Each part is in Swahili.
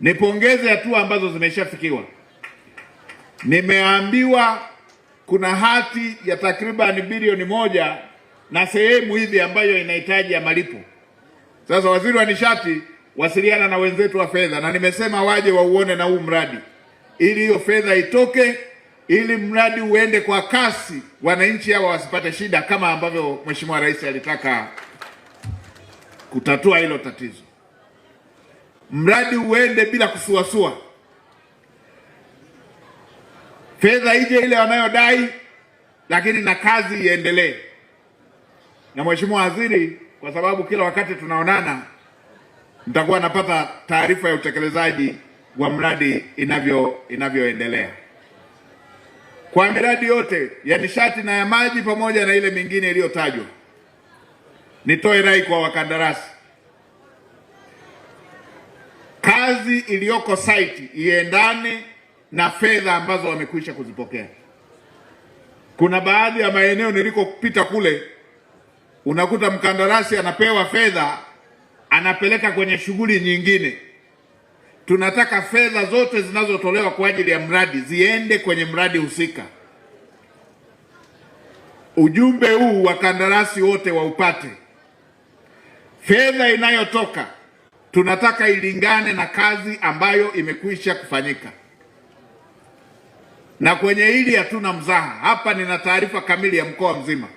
Nipongeze hatua ambazo zimeshafikiwa. Nimeambiwa kuna hati ya takriban bilioni moja na sehemu hivi ambayo inahitaji ya malipo. Sasa waziri wa nishati, wasiliana na wenzetu wa fedha, na nimesema waje wauone na huu mradi ili hiyo fedha itoke, ili mradi uende kwa kasi, wananchi hawa wasipate shida, kama ambavyo Mheshimiwa Rais alitaka kutatua hilo tatizo mradi uende bila kusuasua, fedha ije ile wanayodai, lakini na kazi iendelee. Na mheshimiwa waziri, kwa sababu kila wakati tunaonana, nitakuwa napata taarifa ya utekelezaji wa mradi inavyo inavyoendelea kwa miradi yote ya nishati na ya maji pamoja na ile mingine iliyotajwa. Nitoe rai kwa wakandarasi kazi iliyoko site iendane na fedha ambazo wamekwisha kuzipokea. Kuna baadhi ya maeneo nilikopita kule, unakuta mkandarasi anapewa fedha anapeleka kwenye shughuli nyingine. Tunataka fedha zote zinazotolewa kwa ajili ya mradi ziende kwenye mradi husika. Ujumbe huu wakandarasi wote waupate. Fedha inayotoka tunataka ilingane na kazi ambayo imekwisha kufanyika, na kwenye hili hatuna mzaha. Hapa nina taarifa kamili ya mkoa mzima.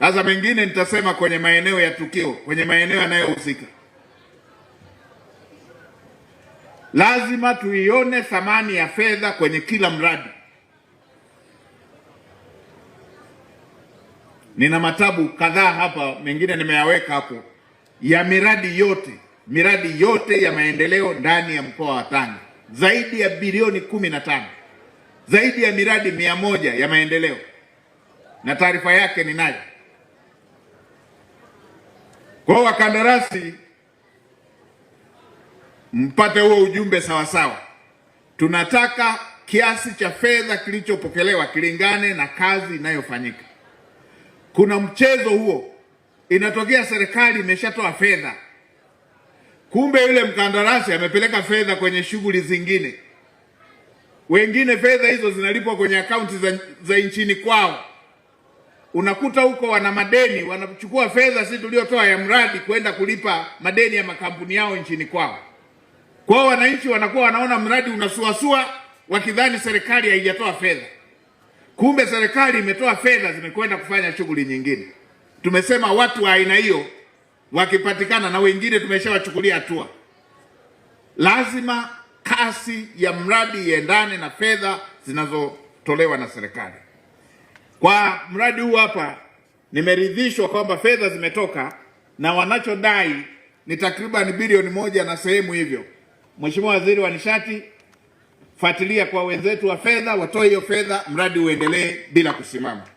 Sasa mengine nitasema kwenye maeneo ya tukio, kwenye maeneo yanayohusika. Lazima tuione thamani ya fedha kwenye kila mradi. Nina matabu kadhaa hapa, mengine nimeyaweka hapo ya miradi yote miradi yote ya maendeleo ndani ya mkoa wa Tanga zaidi ya bilioni kumi na tano zaidi ya miradi mia moja ya maendeleo na taarifa yake ninayo. Kwa wakandarasi, mpate huo ujumbe sawasawa. Tunataka kiasi cha fedha kilichopokelewa kilingane na kazi inayofanyika. Kuna mchezo huo Inatokea serikali imeshatoa fedha, kumbe yule mkandarasi amepeleka fedha kwenye shughuli zingine. Wengine fedha hizo zinalipwa kwenye akaunti za, za nchini kwao. Unakuta huko wana madeni, wanachukua fedha sisi tuliotoa ya mradi kwenda kulipa madeni ya makampuni yao nchini kwao. Kwao wananchi wanakuwa wanaona mradi unasuasua, wakidhani serikali haijatoa fedha, kumbe serikali imetoa fedha zimekwenda kufanya shughuli nyingine. Tumesema watu wa aina hiyo wakipatikana, na wengine tumeshawachukulia hatua, lazima kasi ya mradi iendane na fedha zinazotolewa na serikali. Kwa mradi huu hapa, nimeridhishwa kwamba fedha zimetoka na wanachodai ni takriban bilioni moja na sehemu hivyo. Mheshimiwa Waziri wa Nishati, fuatilia kwa wenzetu wa fedha, watoe hiyo fedha, mradi uendelee bila kusimama.